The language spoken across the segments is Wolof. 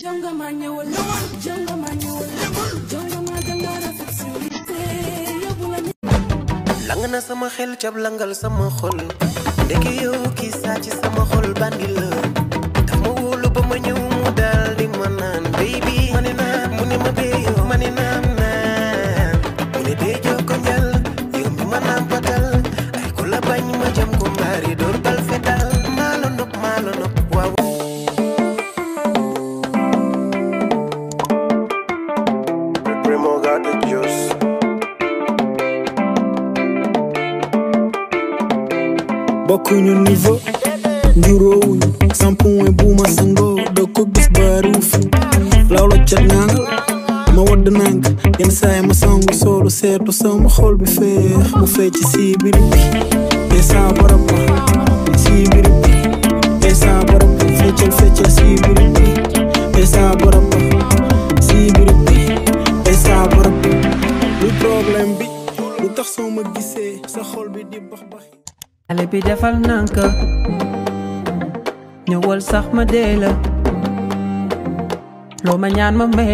jongama ñëwal ñëwal jongama ñëwal na sama xel cab langal sama xol ndeke yow kii ci sama xol bandi la bokkuñu niveau njuróowuñu sampuwe buuma sangoo doo ko gis baaruuf law la cat nang ma wadd nang yenn saay ma sangu soolu seetu sama xol bi feex mu fee ci sii birib bi ee saa barab ba sii birib bi ee saa barab ba feccal feccal sii birib bi ee saa barab ba sii birib bi ee saa barab ba lu problème bi lu tax soo ma gisee sa xol bi di bax bax xale bi defal nànk ñëwal sax ma dee la loo ma ñaan ma may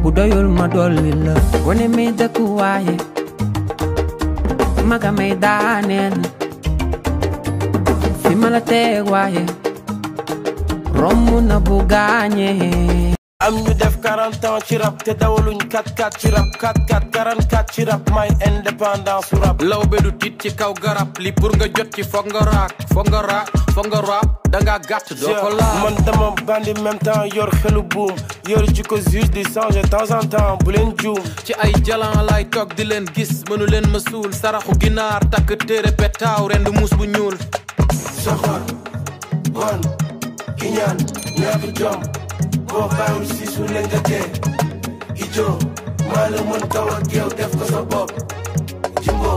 bu doyul ma dolli la dëkku maga may fi ma la na bu am ñu def 40 ans ci rap te dawaluñ 4-4 ci rap 4-4 44 ci rap may indépendance su rap lawbe du tiit ci kaw garab li pour nga jot ci foog nga raak foog nga raak gàtt doo ko laal man dama bandi même yor xelu buum yor ci ko juge di changer temps en temps bu leen juum ci ay jalan lay toog di leen gis mënu leen ma suul saraxu ginaar takk téere petaaw ren du muus bu ñuul soxor bon kiñaan ñaaku jom boo bàyyiwul si suuf la nga tee ijo maa la mën kaw ak yow def ko sa bopp jimbo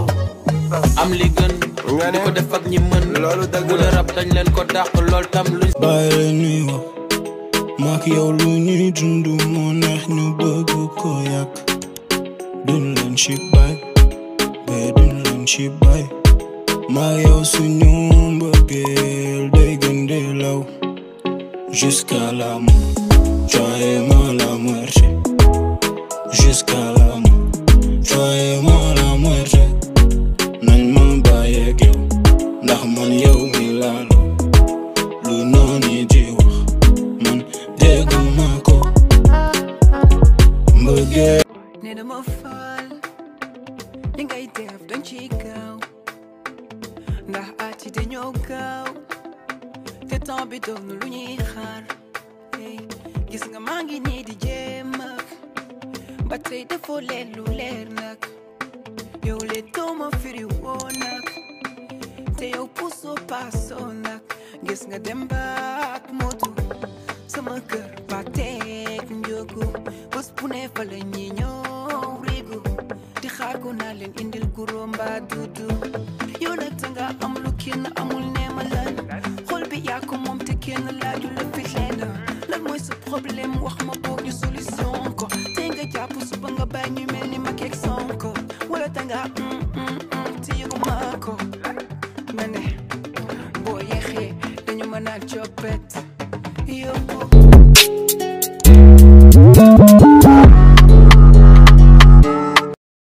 am li gën nga ne ko def ak ñi mën loolu dëgg la rab dañ leen ko dàq lool tam luñ bàyyi nuy wax maak yow lu ñuy dund moo neex ñu bëgg ko yàq duñ leen ci bay mais duñ leen ci bay maak yow suñu mbëggeel day gën di law jusqu'à la mort Tu as la muerte jusqu'à la mort. Tu as la muerte. Nan ma bàyyi ak yow ndax man yow mi la lu noonu di wax man de ko mbëggee. ne dama faal li ngay def dañ ci gaaw ndax ati dañoo gaaw te temps bi lu xaar. gis nga maa ngi nii di jéem ak ba tey defoo leen leer nag yow le dooma firi woo nag te yow gis nga dem ba sama kër ba teeg njóogu bés bu ne fa la ñi ñëw di xaar naa leen indil guro mbaa dudu yow nag te am lu amul ne problème wax ma ko ñu solution ko te nga jàpp suba nga bàyyi ñu mel ni mag sonko wala te nga tiyu ma ko ma ne boo dañu mën a coppet